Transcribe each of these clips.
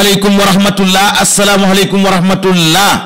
asalaamaaleykum wa rahmatullah asalaamaaleykum wa rahmatullah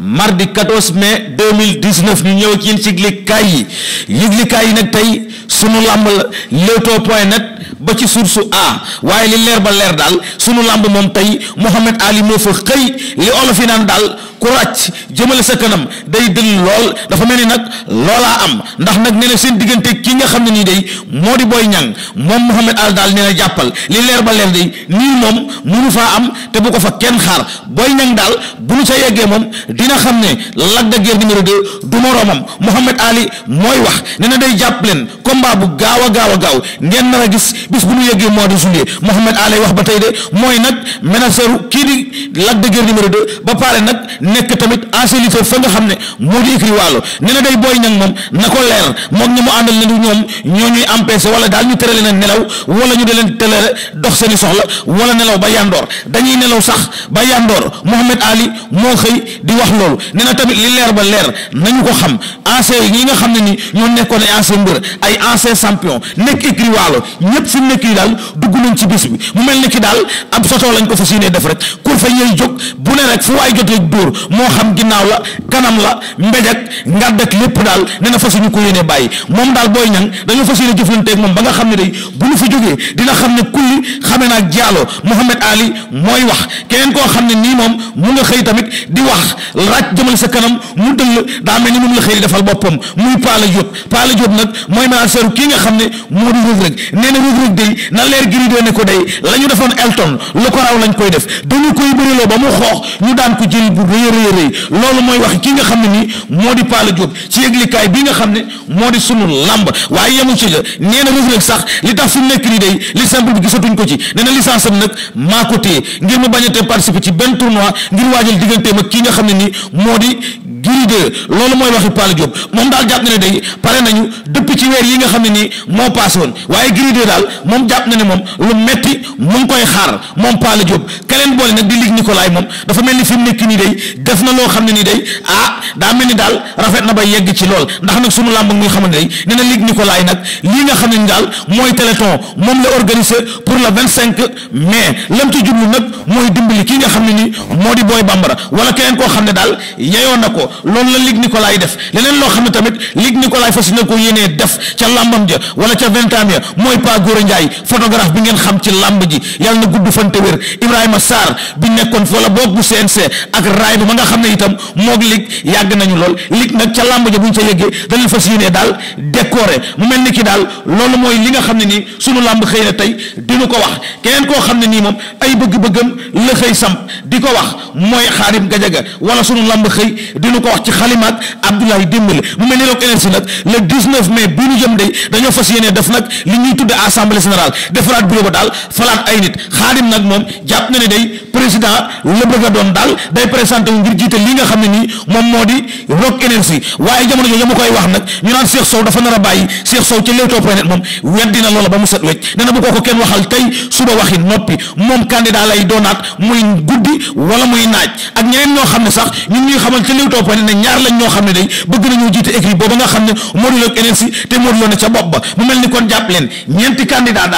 mardi 14 mai 2019 ñu ñëw ci yéen ci yëglikaay yi yëglikaay yi nag tey sunu làmb la leewtoo point net ba ci su a waaye li leer ba leer daal sunu làmb moom tey Mouhamed Ali moo fa xëy li olof yi naan daal ku ràcc jëmale sa kanam day dëng lool dafa mel ni nag loolaa am ndax nag na seen diggante kii nga xam ne nii day moo di booy ñang moom Mouhamed Al daal nee na jàppal li leer ba leer day nii moom munu faa am te bu ko fa kenn xaar booy ñang daal bu nu sa yeggee moom dina xam ne Lac de Guiers numéro 2 du moroomam Mouhamed Ali mooy wax nee na day jàpp leen combat bu gaaw a gaaw a gaaw ngeen nar a gis bis bu nu yeggee mois de juillet Mouhamed Ali wax ba tey de mooy nag menaceru kii di Lac de Guiers numéro 2 ba pare nag nekk tamit enseelito fa nga xam ne moo di écrit waalo nee na day booy ñang moom na ko leer moom ñi mu àndal ne du ñoom ñoo ñuy empêché wala daal ñu tërale na nelaw wala ñu di leen tërale dox seeni soxla wala nelaw ba yandoor dañuy nelaw sax ba yandoor Mohamed Ali moo xëy di wax loolu nee na tamit li leer ba leer nañu ko xam ancien yi nga xam ne ni ñoo nekkoon ay ancien mbër ay ancien champion nekk écrit waalo ñëpp fi nekk yi daal dugg nañ ci bis bi mu mel ni ki daal ab soto lañ ko fas yéenee def rek kilifa yooyu jóg bu moo xam ginnaaw la kanam la mbéj ak ngàdd ak lépp daal ne na fasuñu ko yéene bàyyi moom daal booy ñang dañoo fas moom ba nga xam ne day bu ñu fi jógee dina xam ne kulli xamee naag Diallo Mouhamed Ali mooy wax keneen koo xam ne nii moom mu nga xëy tamit di wax raaj jëmal sa kanam mu dëll daa mel ni moom la xëy di defal boppam muy Paala Diop Paala Diop nag mooy manager kii nga xam ne moo di Reug Reug nee na Reug Reug day na leer giri doo ne ko day la ñu defoon Elton lu ko koy def dañu ko koy bëreloo ba mu xoox ñu daan ko jël bu rëy rëy rëy loolu mooy wax ki nga xam ne nii moo di Palla Diop ci yëglikaay bii nga xam ne moo di sunu lamb waaye yemu ci la nee na rëg-rëg sax li tax fi nekk nii day li simple bi gisatuñ ko ci nee na licence am nag maa ko téye ngir mu bañ a participer ci benn tournoi ngir waajal digganteem ak kii nga xam ne nii moo di Gris 2 loolu mooy waxi Paal Diop moom daal jàpp na ne day pare nañu depuis ci weer yi nga xam ne nii moo paase woon waaye Gris daal moom jàpp na ne moom lu metti mu ngi koy xaar moom Paal keneen boole nag di lig Nicolas moom dafa mel ni fi mu nekk nii day def na loo xam ne nii day ah daa mel ni daal rafet na ba yegg ci lool ndax nag sunu làmb muy xamante ne nee na lig Nicolas nag lii nga xam ne ni daal mooy téléton moom la organisé pour le vingt cinq mai lam ci jublu nag mooy dimbali kii nga xam ne nii moo di booy bambara wala keneen koo xam ne daal yeyoo na ko loolu la Ligue Nicolas def leneen loo xam ne tamit Ligue Nicolas fas na ko yéenee def ca làmbam ja wala ca vingt ans ya mooy Pa njaay Ndiaye photographe bi ngeen xam ci làmb ji yàlla na gudd fan te wér Ibrahima Sarr bi nekkoon wala boog bu CNC ak raay ba nga xam ne itam moog Ligue yàgg nañu lool Ligue nag ca làmb ja bu ñu ca yëggee dañu fas yéenee daal décoré mu mel ni ki daal loolu mooy li nga xam ne nii sunu làmb xëy na tey dinu ko wax keneen koo xam ne nii moom ay bëgg-bëggam la xëy samp di ko wax mooy xaarim gajaga wala sunu lamb xëy dinu ko wax ci xalimaak Abdoulaye Dembélé mu mel ni Rock Énergie nag le 19 mai bi ñu jëm day dañoo fas yéene def nag li ñuy tudd assemblée générale defaraat bureau ba daal falaat ay nit xaarim nag moom jàpp na ne day président la bëgg a doon daal day présenté wu ngir jiite li nga xam ne nii moom moo di Rock Énergie waaye jamono jooju ma koy wax nag ñu naan Cheikh Sow dafa nar a bàyyi Cheikh Sow ci Leewtoo.net moom weddi na loola ba mu set wecc nee na bu ko ko kenn waxal tey suba waxi noppi moom ay naaj ak ñeneen ñoo xam ne sax ñun ñuy xamal ca Leewtoo point ne ñaar lañ ñoo xam ne day bëgg nañoo jiite écrit booba nga xam ne Modou Lo ak énergie te Modou Lo ne ca bopp ba mu mel ni kon jàpp leen ñeenti candidat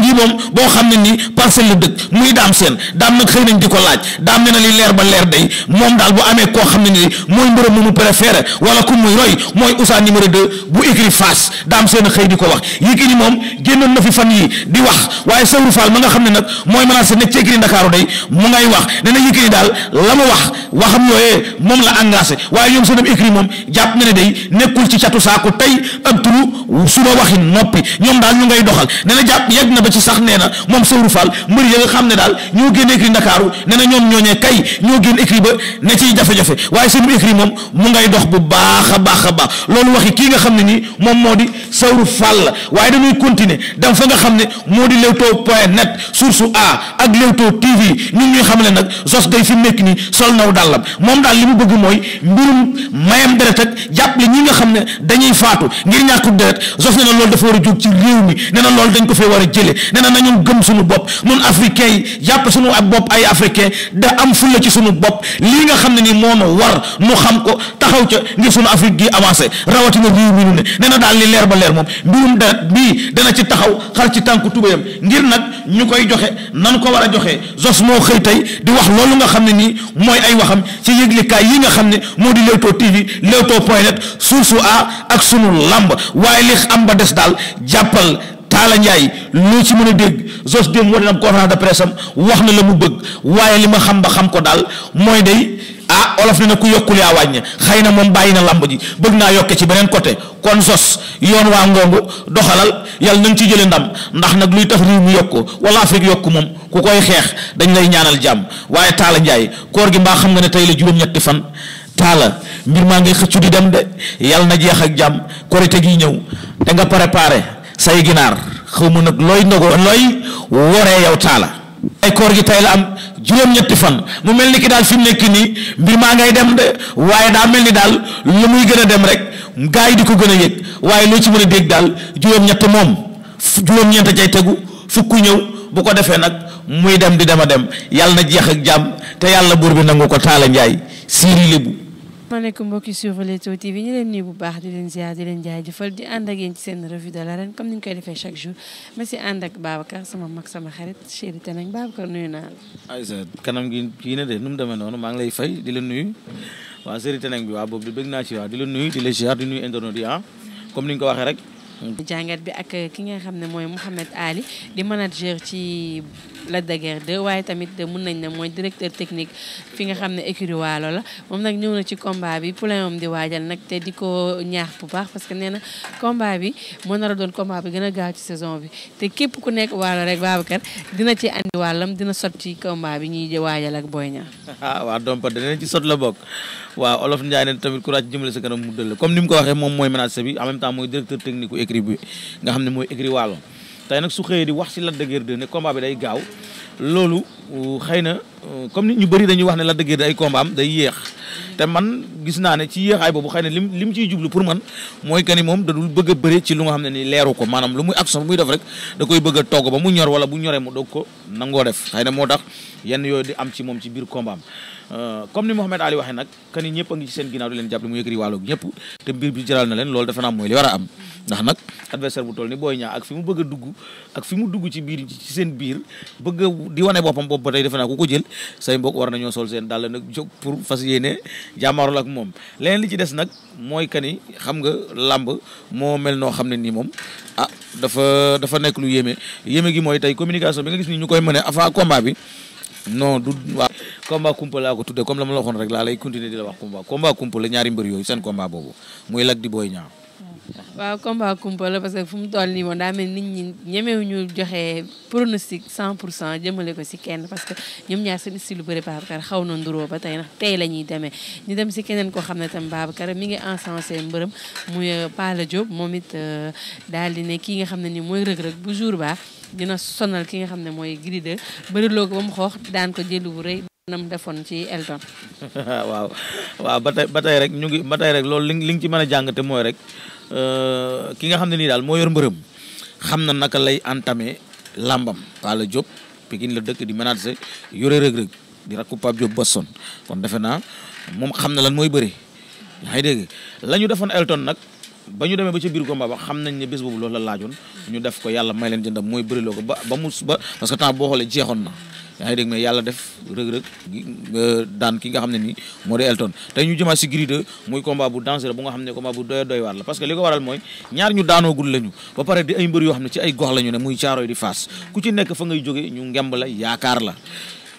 ngi moom boo xam ne nii parcelle la muy daam seen daam nag xëy nañ di ko laaj daam ne na li leer ba leer day moom daal bu amee koo xam ne nii mooy mbërëm mu mu préféré wala ku muy roy mooy Ousseynou numéro 2 bu écrit face daam seen xëy di ko wax Yékini moom génnoon na fi fan yi di wax waaye Seydou Fall ma nga xam ne nag mooy menacé nekk ci écurie Ndakaaru day mu ngay wax ne na Yékini daal la mu wax waxam yooyee moom la engagé waaye ñoom seen ab écurie moom jàpp ne day nekkul ci catu saako tey ab turu suba waxi ñoom daal ñu ngay doxal ne na jàpp yegg na ba ci sax nee na moom Seydou Fall mbër ya nga xam ne daal ñoo génn écurie Ndakaaru ne na ñoom ñooñee kay ñoo génn écurie ba ne ciy jafe-jafe waaye seen écurie moom mu ngay dox bu baax a baax a baax loolu waxi kii nga xam ne nii moom moo di Seydou Fall la waaye dañuy continuer dem fa nga xam ne moo di Leewtoo point net source a ak Leewtoo TV ñun ñuy xam ne nag Zoss day fi nekk nii sol naw dàllam moom daal li mu bëgg mooy mbirum mayam deret ak jàppale ñi nga xam ne dañuy faatu ngir ñàkkul deret Zoss nee na loolu dafa war a jóg ci réew mi ne na loolu dañ ko fee war a jële nee na nañu gëm suñu bopp nun africain yi jàpp suñu ak bopp ay africain da am fulla ci suñu bopp lii nga xam ne nii moo nu war nu xam ko taxaw ca ngir suñu Afrique gi avancé rawatina réew ne na daal leer ba leer moom mbirum deret bii dana ci taxaw xar ci tànku tubéyam nag ñu koy joxe nan ko war a joxe zos moo xëy tey di wax loolu nga xam ne nii mooy ay waxam ci yëglikaay yi nga xam ne moo di Leewtoo TV Leewtoo point net Source A ak sunu làmb waaye li am ba des daal jàppal Taala Njaay loo ci mën a dégg zos démb war na am conférence de presse wax na la mu bëgg waaye li ma xam ba xam ko daal mooy day ah olof ne na ku yokkul yaa wàññe xëy na moom bàyyi na lamb ji bëgg naa yokke ci beneen côté kon sos yoon waa ngongu doxalal yàlla nañ ci jële ndam ndax nag luy tax réew mi yokk wala Afrique yokku moom ku koy xeex dañ lay ñaanal jàmm waaye Talla Ndiaye koor gi mbaa xam nga ne tey la juróom-ñetti fan Talla mbir maa ngi xëccu di dem de yàlla na jeex ak jàmm korite gi ñëw te nga préparé say ginaar xaw ma nag looy ndogoo looy woree yow Talla ay koor gi tey la am juróom-ñetti fan mu mel ni ki daal fi mu nekk nii mbir maa ngay dem de waaye daa mel ni daal lu muy gën a dem rek gaa yi di ko gën a yëg waaye loo ci mën a dégg daal juróom-ñett moom juróom-ñeent cay tegu fukk ñëw bu ko defee nag muy dem di dem a dem yàlla na jeex ak jàmm te yàlla buur bi nangu ko taala njaay siiri lébu asalaamaaleykum mbokki suivre Leewtoo TV ñu leen nuyu bu baax di leen ziar di leen jaajëfal di ànd ak yéen ci seen revue de l'arène comme ni koy defee chaque jour ma si ànd ak Babacar sama mag sama xarit chéri te nañ Babacar nuyu naa la. kanam gi kii de nu mu noonu maa ngi lay fay di la nuyu waa chéri te bi waa boobu di bëgg naa ci waa di la nuyu di di ah comme ni ko waxee rek. jàngat bi ak ki nga xam ne mooy Mouhamed Ali d manager Lac de waaye tamit mun nañ ne mooy directeur technique fi nga xam ne écurie Waalo la moom nag ñëw na ci combat bi poulain am di waajal nag te di ko ñaax bu baax parce que nee na combat bi moo nar a doon combat bi gën a gaaw ci saison bi te képp ku nekk Waalo rek Babacar dina ci andi sot ci combat bi ñuy waajal ah, ci sot la bokk waaw Olof Ndiaye ne tamit courage jëmale sa kanam mu dëll comme ni ko waxee moom mooy manager bi en même temps mooy directeur technique u écurie bi nga xam ne mooy écurie Waalo tey nag su xëyee di wax si Lac de ne combat bi day gaaw loolu xëy na comme nit ñu bëri dañuy wax ne Lac de Guiers 2 ay combat am day yéex te man gis naa ne ci yéexaay boobu xëy na lim lim ciy jublu pour man mooy que moom da dul bëgg bëre ci lu nga xam ne ni leeru ko maanaam lu muy action bu muy def rek da koy bëgg togg ba mu ñor wala bu ñoree mu doog ko nangoo def xëy na moo tax yenn yooyu di am ci moom ci biir combat euh, comme ni Mouhamed Ali waxee nag que ni a ngi ci seen ginnaaw di leen jàppale mu yëkkati wàllug ñëpp te mbir bi jaral na leen loolu defe naa mooy li war a am ndax nag adversaire bu toll ni Boy Niang mu bëgg a dugg ak fi mu dugg ci biir ci seen biir bëgg di jàmmaarul lag moom leneen li ci des nag mooy que ni xam nga làmb moo mel noo xam ne nii moom ah dafa dafa nekk lu yéeme yéeme gi mooy tey communication bi nga gis ni ñu koy mëne avant combat bi non du waa combat kumpa laa ko tuddee comme la ma la rek laa lay continuer di la wax combat combat kumpa ñaari mbër yooyu seen combat boobu muy Lac di Boy Niang waaw combat kumpa la parce que fu mu toll nii moom daa mel nit ñi ñemewu ñu joxe pronostic 100 pour cent jëmale ko si kenn parce que ñoom ñaar si seen style préparatoire xaw na nduroo ba tey ndax tey la ñuy demee ñu dem si keneen koo xam ne tam Babacar mi ngi encensé mbërëm muy euh, paala Diop moom it euh, daal di ne kii nga xam ne nii mooy rëg-rëg bu jour ba dina sonal ki nga xam ne mooy Gris 2 bëriloo ko ba mu xoox daan ko jëlu bu rëy defoon ci Elton waaw waaw ba tey ba tey rek ñu ngi ba rek loolu li li nga ci mën a jàngate mooy rek euh, ki nga xam ne nii daal moo yor mbërëm xam na naka lay entamé làmbam Palla Diop Pikine la dëkk di menacer yore rëg-rëg di rakku Pape Diop Boston kon defe naa moom xam na la mooy bëri yaa ngi dégg la ñu defoon Elton nag ba ñu demee ba ci biir combat ba xam nañ ne bés boobu lool la laajoon ñu def ko yàlla may leen jëndam mooy bëriloo ko ba ba mu ba parce que temps boo jeexoon na yaa ngi dégg mais yàlla def rëg-rëg daan ki nga xam ne ni moo di Elton tey ñu jëmaat si Gris 2 muy combat bu dangereux bu nga xam ne combat bu doy doy waar la parce que li ko waral mooy ñaar ñu daanoogul lañu ba pare di ay mbër yoo xam ne ci ay gox la ñu ne muy caaro yi di faas ku ci nekk fa ngay jóge ñu ngemb la yaakaar la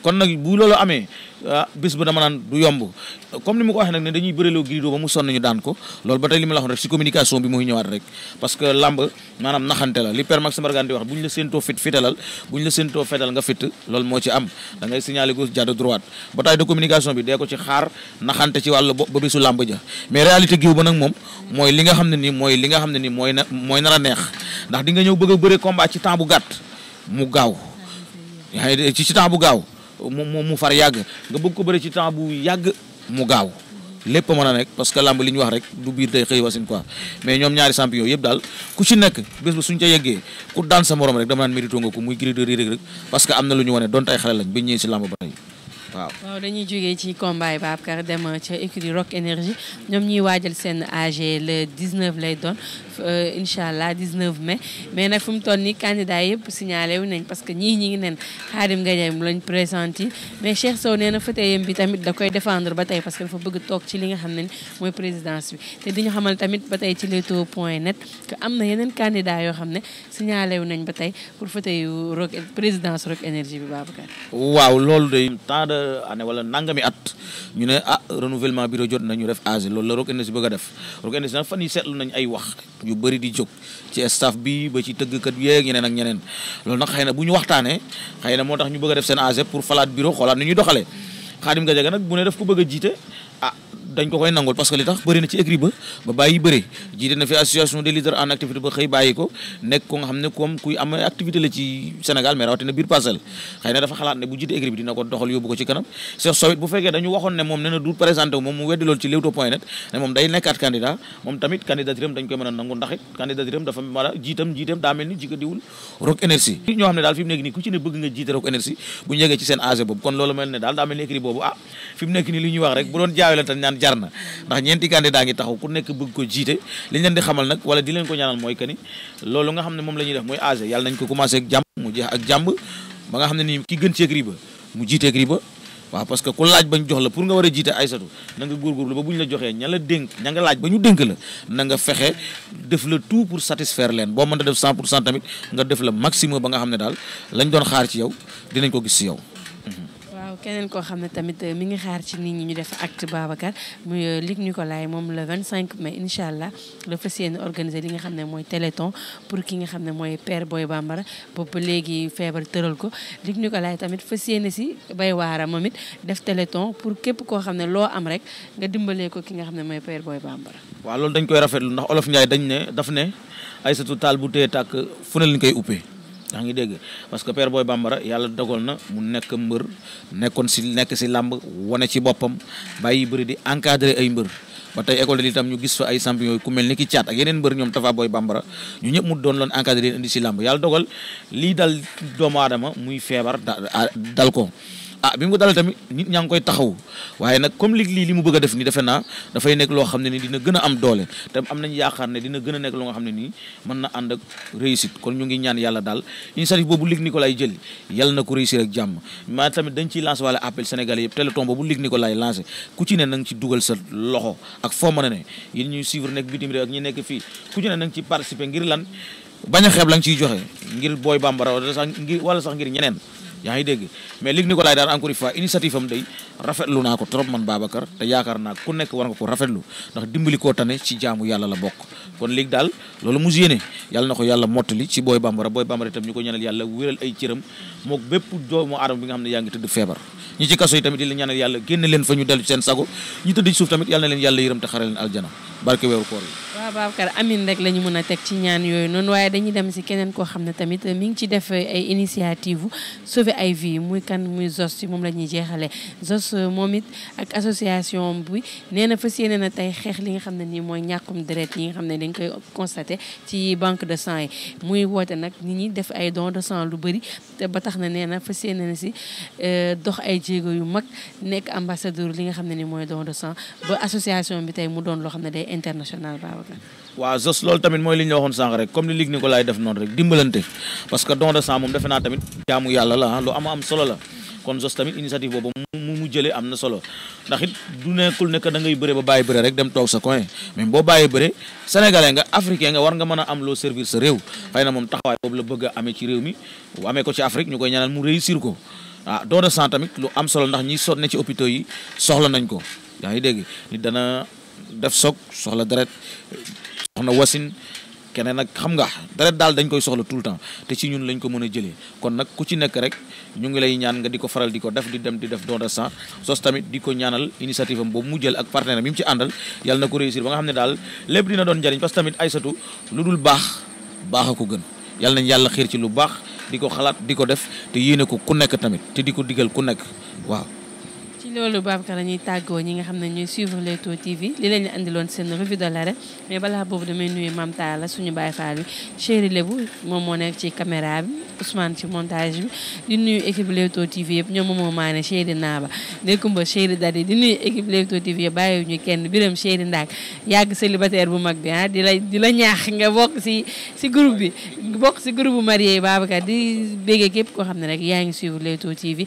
kon nag bu loolu amee ah, bis ba dama naan du yomb comme ni ma ko waxee nag ne dañuy bëreloo Gris2 ba mu sonn ñu daan ko loolu ba tey li ma la wax rek si communication bi muy ñëwaat rek parce que làmb maanaam naxante la li Père Max Mbargane di bu ñu la séentoo fit fitalal bu ñu la séentoo fetal nga fit loolu moo ci am da ngay signaler gauche jàdd droite bataille de communication bi dee ko ci xaar naxante ci wàllu ba bisu làmb ja mais réalité giw ba nag moom mooy li nga xam ne nii mooy li nga xam ne nii mooy na mooy nar neex ndax di nga ñëw bëgg a bëre combat ci temps bu mu gaaw yaa ngi ci ci temps bu gaaw mu mu far yàgg nga bëgg ko bëri ci temps bu yàgg mu gaaw lépp mën a nekk parce làmb li wax rek du biir tey xëy wasin quoi mais ñoom ñaari champion yëpp daal ku ci nekk bés ba suñ ca yeggee ku daan sa morom rek dama naan mérito nga ko muy Gris 2 Reug am na lu ñu wane doon xale lañ ba ñëwee si làmb ba tey waaw. dañuy jógee ci combat yi Babacar dem ca écurie Rock Énergie ñoom ñuy waajal seen AG le 19 lay doon Euh, incha allah 19 mai mais nag fu mu toll nii candidat yëpp signalé wu nañ parce que ñii ñi ngi nen Khadim Gadiaye mu lañ présenté mais Cheikh Sow nee na fauteuil bi tamit da koy défendre ba tey parce que dafa bëgg toog ci li nga xam ne mooy présidence bi te di ñu xamal tamit ba tey ci leewtoo point net que am na yeneen candidat yoo xam ne signalé wu nañ ba tey pour fauteuil rock présidence rock énergie bi Babacar waaw loolu day tant de année wala at ñu ne ah renouvellement bureau jot nañu def agi loolu la rock énergie bëgg a def rock énergie nag fan yi seetlu nañ ay wax yu bëri di jóg ci staff bi ba ci tëggkat yeeg ñeneen ak ñeneen loolu nag xëy na bu ñu waxtaanee xay na moo tax ñu bëgg a def seen AG pour falaat bureau xoolaat ni ñuy doxalee Khadim Gadiaga nag bu ne daf ko bëgg a jiite dañ ko koy nangul parce que li tax bëri ci écrit ba ba bëri jiite fi association des leaders en activité ba xëy bàyyi nekk kon loolu mel ne daal daa mel ni écrit boobu ah fi nekk nii li ñuy wax rek bu doon jaawale tan jar na ndax ñeenti daa ngi taxaw ku nekk bëgg ko jiite li ñu leen di xamal nag wala di leen ko ñaanal mooy que ni loolu nga xam ne moom la ñuy def mooy AG yàlla nañ ko commencé ak jàmm mu jeex ak jàmm ba nga xam ne nii ki gën ci écurie ba mu jiite écurie ba waaw parce que ku laaj bañ jox la pour nga war a jiite Aysatu na nga góorgóorlu ba bu ñu la joxee ña la dénk nga laaj ba ñu dénk la na fexe def la tout pour satisfaire leen boo mënta def 100 pour cent tamit nga def la maximum ba nga xam ne daal lañ doon xaar ci yow dinañ ko gis ci yow keneen koo xam ne tamit euh, mi ngi xaar ci nit ñi ñu def acte Babacar muy ko euh, Nicolaï moom le 25 mai incha allah la fas yéene organiser li nga xam ne mooy téléthon pour ki nga xam ne mooy père booy Bambara boobu léegi feebar tëral ko Luc Nicolaï tamit fas yéene si bay waara moom it def téléthon pour képp koo xam ne loo am rek nga dimbalee ko ki nga xam ne mooy père Boy Bambara. waaw loolu dañ koy rafetlu ndax olof Ndiaye dañ ne daf ne Aïssatou taal bu tee tàkk fu ne lañ koy uppee. yaa ngi dégg parce que Père Boy Bambara yàlla dogal na mu nekk mbër nekkoon si nekk si làmb wane ci boppam bàyyi bëri di encadrer ay mbër ba tey école de l'itam ñu gis fa ay champion yooyu ku mel ni ki caat ak yeneen mbër ñoom Tafa Boy Bambara ñu ñëpp mu doon loon encadré indi si làmb yàlla dogal lii dal doomu aadama muy feebar dal ko ah bi mu ko dalee tamit nit ñaa ngi koy taxaw waaye nag comme li lii li mu bëgg a def ni defe naa dafay nekk loo xam ne ni dina gën a am doole te am nañ yaakaar ne dina gën a nekk loo xam ne nii mën na ànd ak réussite kon ñu ngi ñaan yàlla daal initiative boobu Luc Nicolaï jël yàlla na ku réussir ak jàmm maa tamit dañ ciy lancé wala appel sénégalais yëpp téléthon boobu Luc Nicolaï lancé ku ci ne na nga ci dugal sa loxo ak foo mën a ne yéen ñuy suivre nekk bitim réew ak ñi nekk fii ku ci ne ci participer ngir lan bañ a xeeb joxe ngir booy bambara wala sax ngir wala sax ngir ñeneen yaa ngi dégg mais Luc Nicolaï daal encore une fois initiative am day rafetlu naa ko trop man Babacar te yaakaar naa ku nekk war nga ko rafetlu ndax dimbali koo tane ci jaamu yàlla la bokk kon Luc daal loolu mu yéene yàlla na ko yàlla mottali ci Boy Bambara Boy Bambara itam ñu ko ñaanal yàlla wéral ay cëram mook bépp doomu aadama bi nga xam ne yaa ngi tëdd feebar ñi ci kaso yi tamit di yàlla génn leen fa ñu dellu seen sago ñu tëdd ci suuf tamit yàlla na leen yàlla yërëm te xare barke weeru koor yi waaw Babacar amin rek la ñu mën a teg ci ñaan yooyu noonu waaye dañuy dem si keneen koo xam ne tamit mi ngi ci def ay initiative sauver ay vie muy kan muy Zos si moom la ñuy jeexale Zos euh, moom it ak association bi nee na fas yéene na tey xeex li nga xam ne nii mooy ñàkkum deret yi nga xam ne dañ koy constaté ci banque de sang yi muy woote nag nit ñi def ay don de sang lu bëri te ba tax na nee na fas yéene na si euh, dox ay jéego yu mag nekk ambassadeur li nga xam ne ni mooy don de sang ba association bi tey mu doon loo xam ne day international Babacar waaw jos loolu tamit mooy li ñu la waxoon sànq rek comme ni Ligue Nicolas def noonu rek dimbalante parce que don de sang moom defe naa tamit jaamu yàlla la ah, lu am am solo la kon jos tamit initiative boobu mu mu jëlee am na solo ndax it du nekkul nekk da ngay bëre ba bàyyi bëre rek dem toog sa coin mais boo bàyyi bëre sénégalais nga africain nga war nga mën a am loo servir sa réew xëy na moom taxawaay boobu la bëgg a amee ci réew mi amee ko ci Afrique ñu koy ñaanal mu réussir ko ah don tamit lu am solo ndax ñi sot ne ci hôpitaux yi soxla nañ ko yaa ngi dégg nit dana def soog soxla deret am na wasin keneen nag xam nga deret daal dañ koy soxla tout le temps te ci ñun lañ ko mën a jëlee kon nag ku ci nekk rek ñu ngi lay ñaan nga di ko faral di ko def di dem di def don de sang sos tamit di ko ñaanal initiative am boobu mu jël ak partenaire bi mu ci àndal yàlla na ko réussir ba nga xam ne daal lépp dina doon njariñ parce que tamit Aysatu lu dul baax baax ko gën yàlla nañ yàlla xiir ci lu baax di ko xalaat di ko def te yéene ko ku nekk tamit te di ko digal ku nekk loolu Babacar la ñuy tàggoo ñi nga xam ne ñuy suivre Leewtoo TV li leen di andiloon seen revue de l'arène mais balaa boobu damay nuyu Mame Talla suñu Baye Fall bi Chéri Lébou TV yëpp ñoom moo maane Chéri TV yëpp bàyyi ñu bu mag bi ah di la di la ñaax nga bokk si si groupe si groupe bu marié Babacar di béggee képp koo xam ne rek yaa ngi suivre Leewtoo TV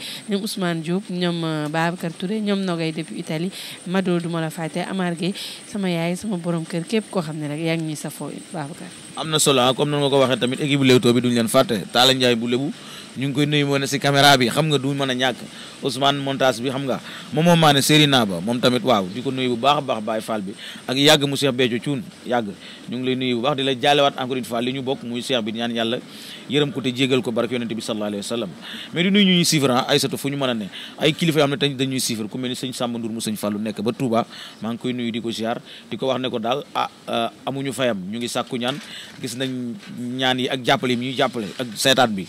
Touré ñoom nogay depuis Italie Mado du ma la fàtte Amar Gueye sama yaay sama borom kër képp koo xam ne rek yaa ngi ñuy safoo Babacar am na solo comme noonu nga ko waxee tamit équipe Leewtoo bi duñu leen fàtte Talla Ndiaye bu lebu ñu ngi koy nuyu moo ne si caméra bi xam nga du mën a ñàkk Ousmane montage bi xam nga moom moom maa ne ba moom tamit waaw di ko nuyu bu baax a baax Baye Fall bi ak yàgg mu Cheikh Béthio Thioune yàgg ñu ngi lay nuyu bu baax di la jaalewaat encore une fois li ñu bokk muy Cheikh ko te jégal ko barke yonente bi sallallahu alayhi wa sallam mais di nuyu ñu ñuy ah fu ñu mën a ne ay kilifa yoo xam ne te dañuy suivre ku mel ni sëñ di ko ziar di ko wax ne ko daal ah euh, amuñu fayam ñu ngi sàkku ñaan gis nañ ñaan yi ak jàppale yi ñuy jàppale ak seetaat bi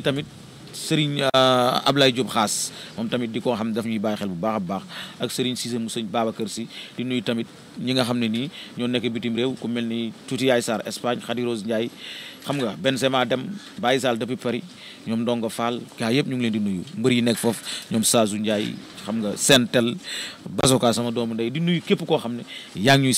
ki tamit Serigne euh, Ablaye Diop xaas moom tamit di koo xam ne daf ñuy baax xel bu baax a baax ak Serigne Cissé mu sëñ kër si di nuyu tamit ñi nga xam ne nii ñoo nekk bitim réew ku mel ni tuuti yaay Sarr Espagne Khady Rose Ndiaye xam nga Benzema dem bàyyi saal depuis Paris ñoom Ndongo Fall gaa yëpp ñu ngi leen di nuyu mbër yi nekk foofu ñoom Saazu Ndiaye xam nga Sentel Basoka sama doomu ndey di nuyu képp koo xam ne yaa ngi ñuy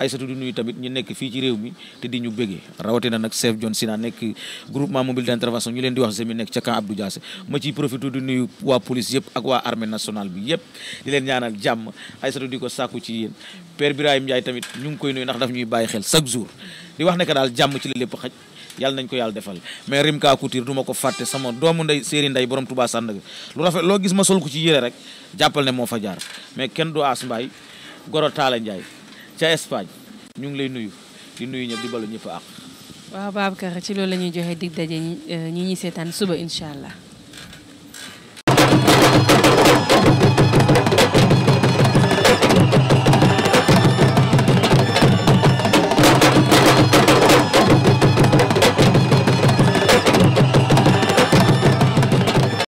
ay satu di nuyu tamit ñu nekk fii ci réew mi te di ñu bëggee rawatina nag chef John Sina nekk groupement mobile d'intervention ñu leen di wax semi nekk ca camp Abdou Diassé ma ciy profité di nuyu waa bi yëpp di leen ñaanal jàmm ay satu di ko sàkku ci yéen Père Birahim Ndiaye tamit ñu ngi koy nuyu ndax daf ñuy bàyyi xel chaque jour di wax ne daal jàmm ci la lépp xaj yàlla nañ ko yàlla defal mais Rimka Couture du ma ko fàtte sama doomu nday séeri nday borom Touba Sandaga lu rafet loo gis ma sol ko ci yére rek jàppal ne moo fa jaar mais kenn du aas mbaay goro taala Njaay ca Espagne ñu ngi lay nuyu di nuyu ñëpp di balu ñëpp ak waaw Babacar ci lool la ñuy joxe dig daje ñi euh, ñi seetaan suba incha allah